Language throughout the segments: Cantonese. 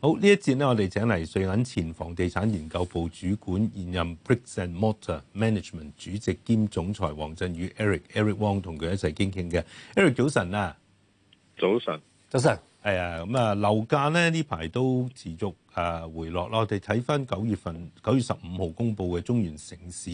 好，呢一節我哋請嚟瑞銀前房地產研究部主管，現任 Bricks and Mortar Management 主席兼總裁王震宇 Eric Eric Wong，同佢一齊傾傾嘅。Eric 早晨啊，早晨，早晨。誒咁啊，樓價、哎嗯、呢，呢排都持續誒、呃、回落咯。我哋睇翻九月份九月十五號公佈嘅中原城市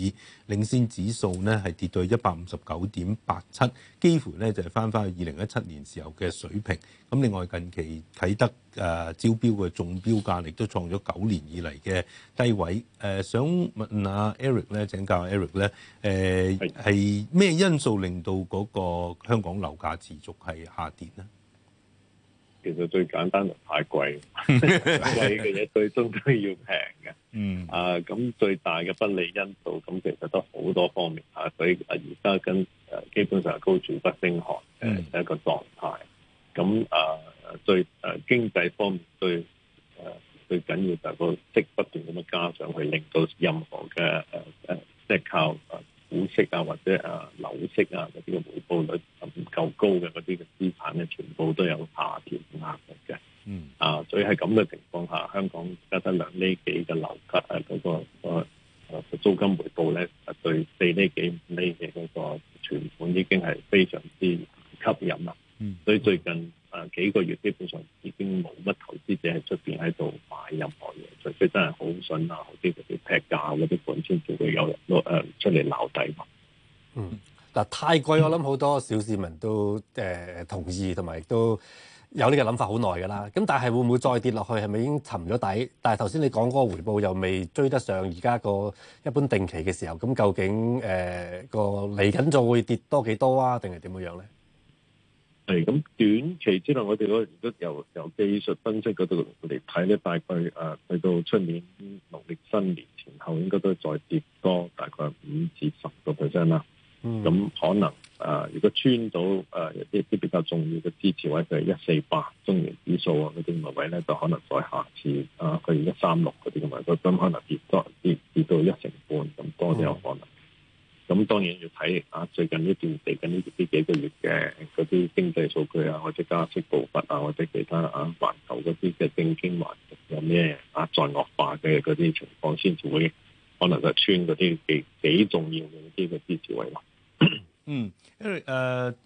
領先指數呢係跌到一百五十九點八七，幾乎呢就係翻翻去二零一七年時候嘅水平。咁另外近期啟德誒、呃、招標嘅中標價亦都創咗九年以嚟嘅低位。誒、呃、想問下 Eric 咧，請教下 Eric 咧、呃，誒係咩因素令到嗰個香港樓價持續係下跌呢？其實最簡單就太貴， 貴嘅嘢最終都要平嘅。嗯 啊，咁最大嘅不利因素，咁其實都好多方面啊。所以而家跟誒基本上係高處不勝寒嘅一個狀態。咁 啊，最誒、啊、經濟方面、啊、最誒最緊要就係個息不斷咁樣加上去，令到任何嘅誒誒即靠、啊股息啊，或者啊樓息啊，嗰啲嘅回報率唔夠高嘅嗰啲嘅資產咧，全部都有下調壓力嘅。嗯啊，所以喺咁嘅情況下，香港得得兩厘幾嘅樓價啊，嗰、嗰個個、啊啊、租金回報咧、啊，對四厘幾五厘嘅嗰個存款已經係非常之吸引啦。嗯、所以最近啊幾個月基本上已經冇乜。啲者喺出邊喺度買任何嘢，除非真係好筍啊，或者嗰啲劈價嗰啲盤先做到有人都誒出嚟撈底嘛。嗯，嗱，太貴，我諗好多小市民都誒、呃、同意，同埋都有呢個諗法好耐噶啦。咁但係會唔會再跌落去？係咪已經沉咗底？但係頭先你講嗰個回報又未追得上而家個一般定期嘅時候，咁究竟誒、呃、個嚟緊就會跌多幾多啊？定係點樣咧？係咁短期之內，我哋如果由由技術分析嗰度嚟睇咧，大概誒去、啊、到出年農曆新年前後，應該都再跌多大概五至十個 percent 啦。嗯，咁可能誒、啊，如果穿到誒一啲比較重要嘅支持位，譬如一四八中原指數啊嗰啲位咧，就可能再下次啊譬如一三六嗰啲咁嘅，咁可能跌多跌跌到一成半咁多都有可能。嗯咁當然要睇啊，最近呢段最近呢呢幾個月嘅嗰啲經濟數據啊，或者加息步伐啊，或者其他啊，環球嗰啲嘅政經環境有咩啊再惡化嘅嗰啲情況，先至會可能就穿嗰啲幾幾重要啲嘅支持位啦。嗯。Eric，誒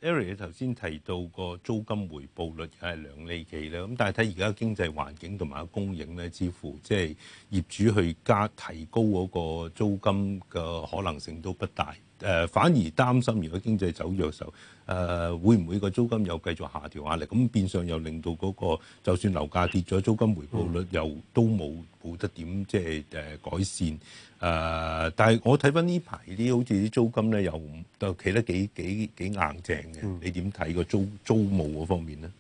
，uh，Eric，你頭先提到個租金回報率係兩厘幾咧，咁但係睇而家經濟環境同埋個供應咧，似乎即係業主去加提高嗰個租金嘅可能性都不大。誒、呃、反而擔心，如果經濟走弱嘅時候，誒、呃、會唔會個租金又繼續下調壓力？咁變相又令到嗰、那個就算樓價跌咗，租金回報率又都冇冇得點即係誒改善。誒、呃，但係我睇翻呢排啲好似啲租金咧，又都企得幾幾幾硬正硬淨嘅。嗯、你點睇個租租務嗰方面咧？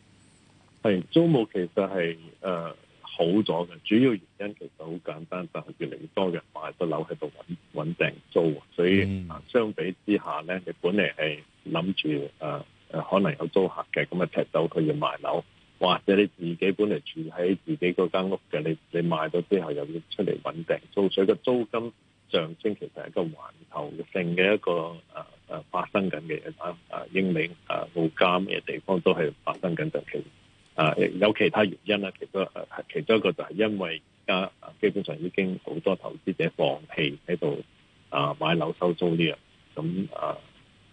係租務其實係誒。Uh 好咗嘅主要原因其實好簡單，就係越嚟越多嘅人買咗樓喺度揾揾定租，所以啊、嗯、相比之下咧，你本嚟諗住啊啊可能有租客嘅，咁啊踢走佢要賣樓，或者你自己本嚟住喺自己嗰間屋嘅，你你賣咗之後又要出嚟揾定租，所以個租金上升其實係一個環球性嘅一個啊啊、呃呃、發生緊嘅嘢啦，啊、呃、英美啊澳監嘅地方都係發生緊陣期。啊，有其他原因啦，其中誒，其中一個就係因為而家基本上已經好多投資者放棄喺度啊買樓收租啲啊，咁啊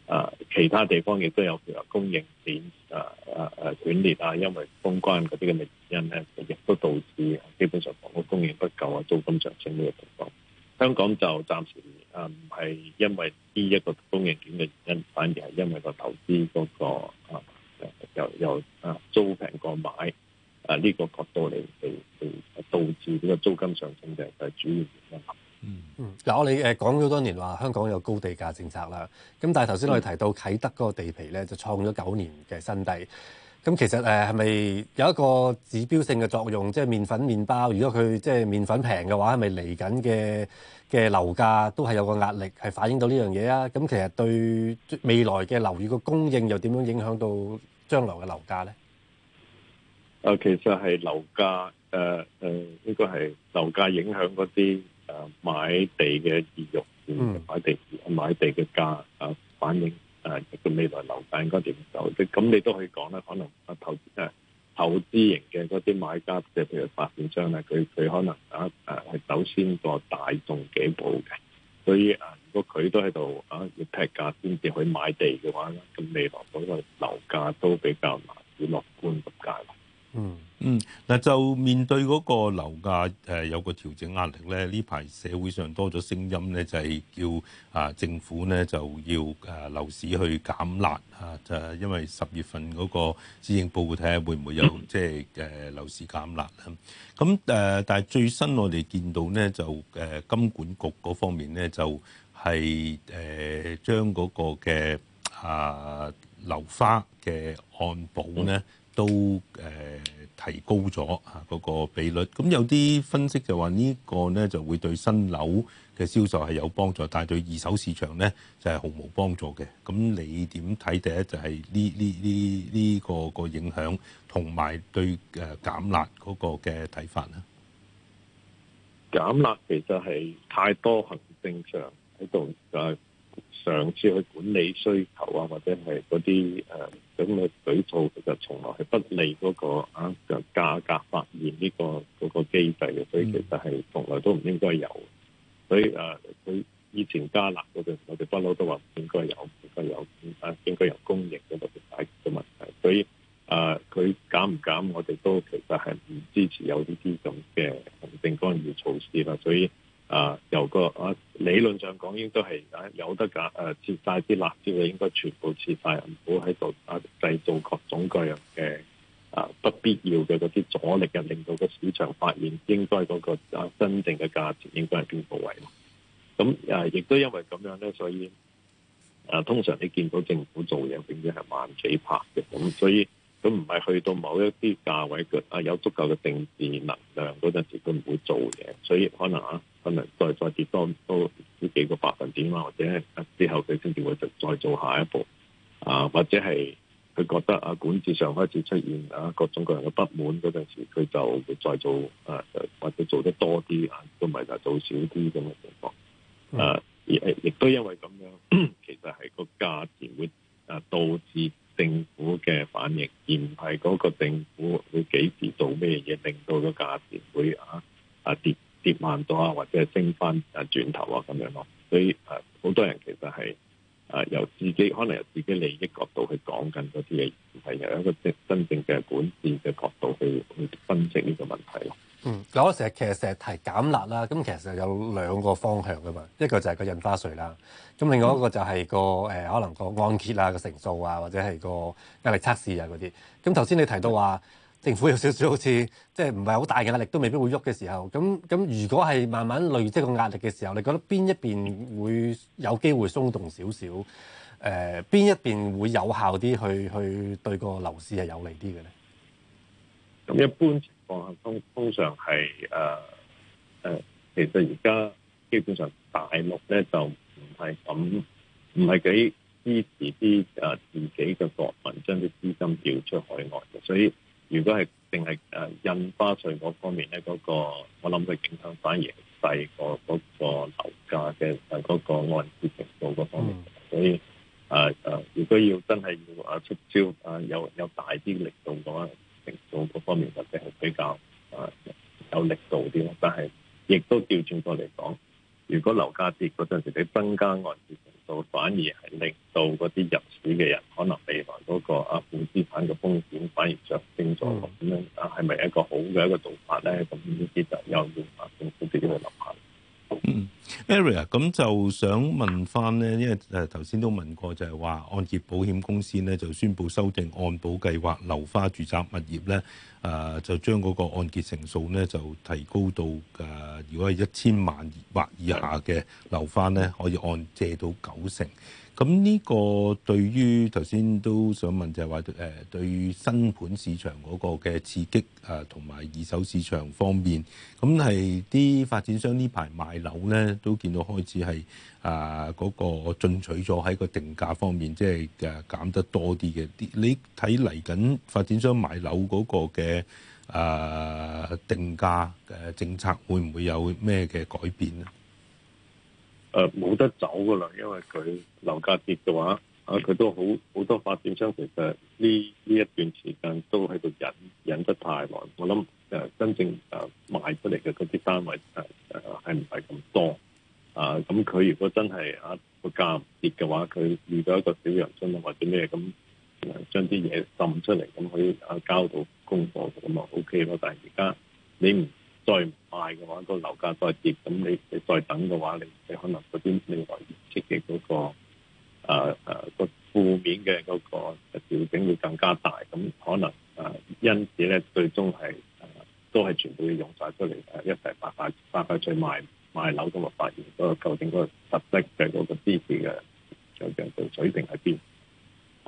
啊，其他地方亦都有譬如供應鏈、啊啊啊、短誒誒誒斷裂啊，因為封關嗰啲嘅原因咧，亦都導致基本上房屋供應不夠啊，租金上升呢個情況。香港就暫時誒唔係因為呢一個供應鏈嘅原因，反而係因為個投資嗰個啊。又又啊租平過買啊呢個角度嚟嚟嚟，導致呢個租金上升嘅就係主要原因嗯。嗯嗯，嗱我哋誒講咗多年話香港有高地價政策啦，咁但係頭先我哋提到啟德嗰個地皮咧就創咗九年嘅新低。咁其實誒係咪有一個指標性嘅作用？即係麵粉、麵包，如果佢即係麵粉平嘅話，係咪嚟緊嘅嘅樓價都係有個壓力，係反映到呢樣嘢啊？咁其實對未來嘅樓宇嘅供應又點樣影響到將來嘅樓價咧？啊，其實係樓價誒誒，呢個係樓價影響嗰啲誒買地嘅意欲，嗯，買地買地嘅價啊反映。誒，個、啊、未來樓價應該點走？咁，你都可以講啦，可能啊投資投資型嘅嗰啲買家，即係譬如發展商啦，佢佢可能啊誒、啊，走先個大眾幾步嘅。所以啊，如果佢都喺度啊要劈價先至去買地嘅話咧，咁未來嗰個樓價都比較難以樂觀咁解。嗯，嗱就面對嗰個樓價、呃、有個調整壓力咧，呢排社會上多咗聲音咧，就係、是、叫啊、呃、政府咧就要啊、呃、樓市去減壓啊，就因為十月份嗰個施政報告睇下會唔會有即係誒樓市減壓咧？咁誒、嗯呃，但係最新我哋見到咧，就誒、呃、金管局嗰方面咧，就係誒將嗰個嘅啊樓花嘅按保咧都誒。呃提高咗啊嗰個比率，咁有啲分析就話呢個咧就會對新樓嘅銷售係有幫助，但係對二手市場咧就係毫無幫助嘅。咁你點睇，第一就係呢呢呢呢個個影響，同埋對誒減辣嗰個嘅睇法咧？減辣其實係太多行政上喺度就係。上次去管理需求啊，或者係嗰啲誒咁嘅舉措，其實從來係不利嗰、嗰個啊嘅價格發現呢、呢個嗰、嗰個機制嘅，所以其實係從來都唔應該有。所以誒，佢、啊、以，以前加辣嗰陣，我哋不嬲都話唔應該有，唔應該有啊，應該由供應嗰度解決嘅問題。所以誒，佢減唔減，我哋都其實係唔支持有呢啲咁嘅行政干預措施啦。所以誒、啊，由個啊理論上講，應該都係。我力嘅令到個市場發現應該嗰個啊真正嘅價值應該係邊個位嘛？咁啊，亦都因為咁樣咧，所以啊，通常你見到政府做嘢，永遠係萬幾拍嘅咁，所以都唔係去到某一啲價位嘅啊，有足夠嘅政治能量嗰陣時，佢唔會做嘢，所以可能啊，可能再再跌多多呢幾個百分點啊，或者之後佢先至會再再做下一步啊，或者係。佢覺得啊，管治上開始出現啊各種各樣嘅不滿嗰陣時，佢就會再做啊，或者做得多啲啊，都唔係就做少啲咁嘅情況。嗯、啊，亦亦都因為咁樣，其實係個價錢會啊導致政府嘅反應，而唔係嗰個政府會幾時做咩嘢，令到個價錢會啊啊跌跌慢多啊，或者係升翻啊轉頭啊咁樣咯。所以啊，好多人其實係。啊！由自己可能由自己利益角度去講緊嗰啲嘢，係由一個即真正嘅管治嘅角度去去分析呢個問題咯。嗯，嗱我成日其實成日提減辣啦，咁其實有兩個方向噶嘛，一個就係個印花稅啦，咁另外一個就係個誒可能個按揭啊個成數啊，或者係個壓力測試啊嗰啲。咁頭先你提到話。政府有少少好似即係唔係好大嘅壓力，都未必會喐嘅時候，咁咁如果係慢慢累積個壓力嘅時候，你覺得邊一邊會有機會鬆動少少？誒、呃，邊一邊會有效啲去去對個樓市係有利啲嘅咧？咁一般情況下，通通常係誒誒，其實而家基本上大陸咧就唔係咁，唔係幾支持啲誒自己嘅國民將啲資金調出海外嘅，所以。如果係淨係誒印花稅嗰方面咧，嗰、那個我諗佢影響反而細過嗰、那個那個樓價嘅誒嗰個按揭程度嗰方面。所以誒誒、呃呃，如果要真係要啊出招啊、呃，有有大啲力度嘅話，程、那個、度嗰方面或者係比較誒、呃、有力度啲。但係亦都調轉過嚟講，如果樓價跌嗰陣時，你增加按揭程度，反而係令到嗰啲入嘅人可能未來嗰個負資產嘅風險，反而上升咗咁樣，啊係咪一個好嘅一個做法咧？咁呢啲就有唔同政府自己去立下。嗯，Area 咁、啊、就想問翻呢，因為誒頭先都問過就，就係話按揭保險公司呢就宣布修正按保計劃，留花住宅物業咧，誒、啊、就將嗰個按揭成數呢就提高到誒、啊、如果係一千萬或以下嘅留翻呢，可以按借到九成。咁呢個對於頭先都想問就係話誒對新盤市場嗰個嘅刺激啊，同埋二手市場方面，咁係啲發展商呢排賣樓咧都見到開始係啊嗰個進取咗喺個定價方面，即係誒減得多啲嘅。啲你睇嚟緊發展商賣樓嗰個嘅啊定價誒政策會唔會有咩嘅改變咧？誒冇、呃、得走噶啦，因為佢樓價跌嘅話，啊佢都好好多發展商其實呢呢一段時間都喺度忍忍得太耐，我諗誒、呃、真正誒賣出嚟嘅嗰啲單位誒誒係唔係咁多啊？咁佢如果真係啊個價唔跌嘅話，佢遇到一個小陽春或者咩咁，將啲嘢滲出嚟咁可以啊交到功課咁嘛 OK 咯，但係而家你唔。再賣嘅話，個樓價再跌，咁、那個、你你再等嘅話，你你可能嗰啲未來業績嘅嗰個誒誒個負面嘅嗰個調整會更加大，咁可能誒因此咧，最終係誒、呃、都係全部要用晒出嚟，誒一齊發發發發出賣賣樓咁啊！發現個究竟個實質嘅嗰個資本嘅就就水平喺邊，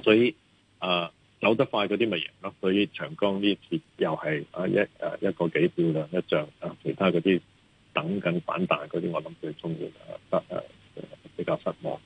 所以誒。走得快嗰啲咪贏咯，對於長江呢一次又係啊，一誒一個幾漂亮一仗，啊，其他嗰啲等緊反彈嗰啲，我諗最中意啊，誒、呃、誒比較失望。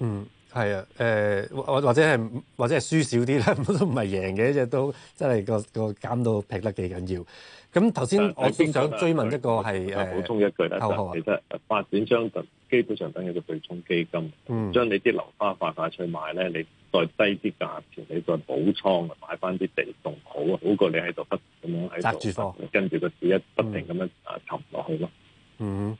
嗯。係啊，誒、呃、或或者係或者係輸少啲咧，都唔係贏嘅，即係都真係個個減到劈得幾緊要。咁頭先我正想追問一個係誒，補充、啊、一句咧，呃、就其實發展商就基本上等於個對沖基金，嗯、將你啲樓花發晒出去賣咧，你再低啲價錢，你再補倉買翻啲地仲好，好過你喺度不咁樣喺度跟住個市一、嗯、不停咁樣啊沉落去咯。嗯。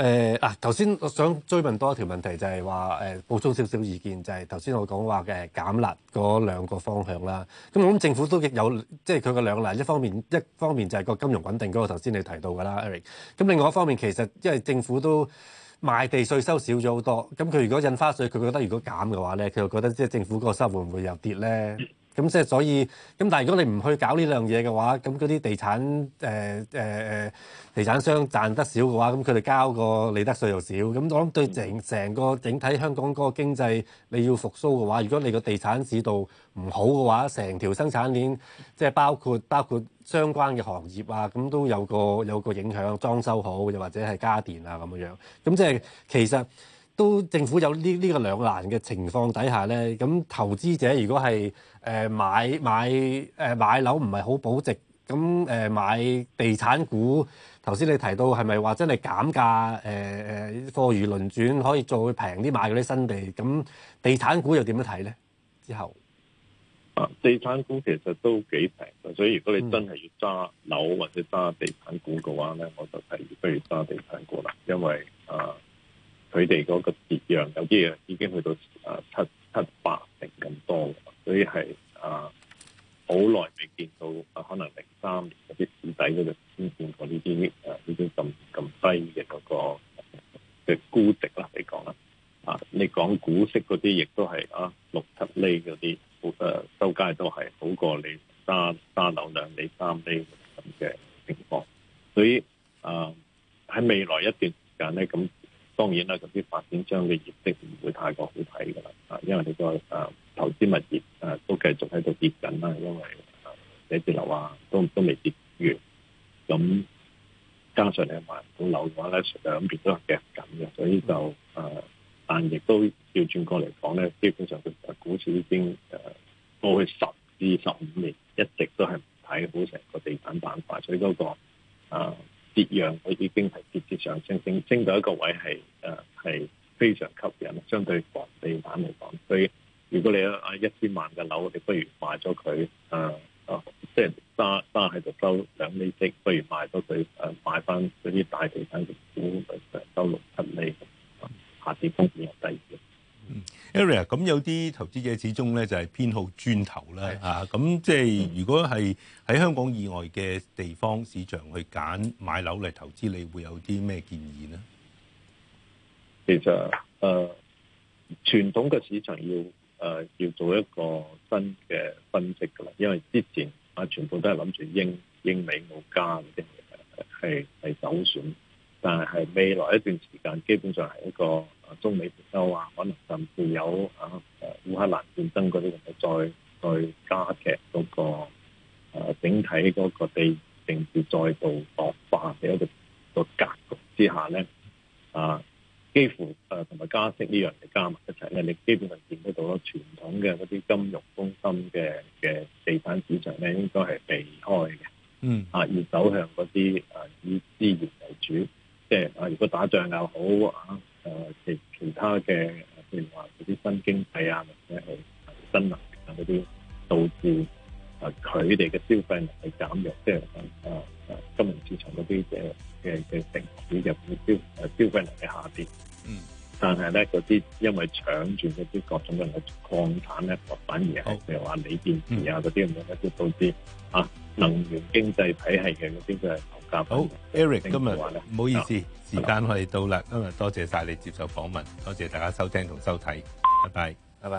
誒嗱，頭先、呃、我想追問多一條問題就，就係話誒補充少少意見，就係頭先我講話嘅減辣嗰兩個方向啦。咁我諗政府都有，即係佢個兩難，一方面一方面就係個金融穩定嗰個頭先你提到噶啦，Eric、嗯。咁另外一方面其實因為政府都賣地稅收少咗好多，咁、嗯、佢如果印花稅佢覺得如果減嘅話咧，佢又覺得即係政府嗰個收入會唔會又跌咧？咁即係所以，咁但係如果你唔去搞呢樣嘢嘅話，咁嗰啲地產誒誒誒地產商賺得少嘅話，咁佢哋交個利得稅又少。咁我諗對成成個整體香港嗰個經濟你要復甦嘅話，如果你個地產市道唔好嘅話，成條生產鏈即係包括包括相關嘅行業啊，咁都有個有個影響。裝修好又或者係家電啊咁樣，咁即係其實。都政府有、這個、兩呢呢個兩難嘅情況底下咧，咁投資者如果係誒、呃、買買誒、呃、買樓唔係好保值，咁誒、呃、買地產股。頭先你提到係咪話真係減價誒誒貨如輪轉，可以再平啲買嗰啲新地？咁地產股又點樣睇咧？之後啊，地產股其實都幾平，所以如果你真係要揸樓或者揸地產股嘅話咧，我就提不如揸地產股啦，因為。佢哋嗰個折讓有啲嘢已經去到啊七七八成咁多，所以係啊好耐未見到啊，可能零三年嗰啲市底嗰個先見過呢啲誒呢啲咁咁低嘅嗰、那個嘅估值啦，你講啦啊，你講股息嗰啲亦都係啊六七厘嗰啲，誒、啊、收街都係好過你三三兩兩厘三厘咁嘅情況，所以啊喺未來一段時間咧咁。啊當然啦，咁啲發展商嘅業績唔會太過好睇噶啦，啊，因為你個誒投資物業誒都繼續喺度跌緊啦，因為寫字樓啊都都未跌完，咁加上你賣唔到樓嘅話咧，兩邊都係夾緊嘅，所以就誒，但亦都要轉過嚟講咧，基本上佢個股市已經誒過去十至十五年一直都係唔睇好成個地產板塊，所以嗰個啊。跌揚，佢已經係直接上升升升到一個位係誒係非常吸引，相對房地產嚟講。所以如果你係一千萬嘅樓，你不如賣咗佢，誒誒，即係揸揸喺度收兩釐息，不如賣咗佢，誒買翻嗰啲大地產股。Eric，咁有啲投資者始終咧就係偏好磚頭啦嚇，咁的、啊、即係如果係喺香港以外嘅地方市場去揀買樓嚟投資，你會有啲咩建議呢？其實誒、呃，傳統嘅市場要誒、呃、要做一個新嘅分析噶啦，因為之前啊全部都係諗住英英美澳加嘅啫，係係首選，但係未來一段時間基本上係一個。中美脫歐啊，可能甚至有啊，呃、烏克蘭戰爭嗰啲嘢再再加劇嗰、嗰個、啊、整體嗰個地緣政治再度惡化嘅一個一個格局之下咧，啊，幾乎啊同埋加息呢樣嘢加埋一齊咧，你基本上見得到咯。傳統嘅嗰啲金融中心嘅嘅地產市場咧，應該係避開嘅，嗯，啊，而走向嗰啲啊以資源為主，即係啊，如果打仗又好啊。誒，其其他嘅，譬如話嗰啲新經濟啊，或者係新能源啊嗰啲，導致誒佢哋嘅消費能力減弱，即係誒誒誒，金融市場嗰啲嘅嘅嘅城市入面消誒、呃、消費能力下跌，啊。嗯，但係咧嗰啲因為搶住一啲各種嘅礦產咧，反而係譬如話鋰電池啊嗰啲咁樣咧，都導致啊。能源經濟體系嘅經濟合併。好，Eric，今日唔好意思，時間我哋到啦。今日多謝曬你接受訪問，多謝大家收聽同收睇，拜拜，拜拜。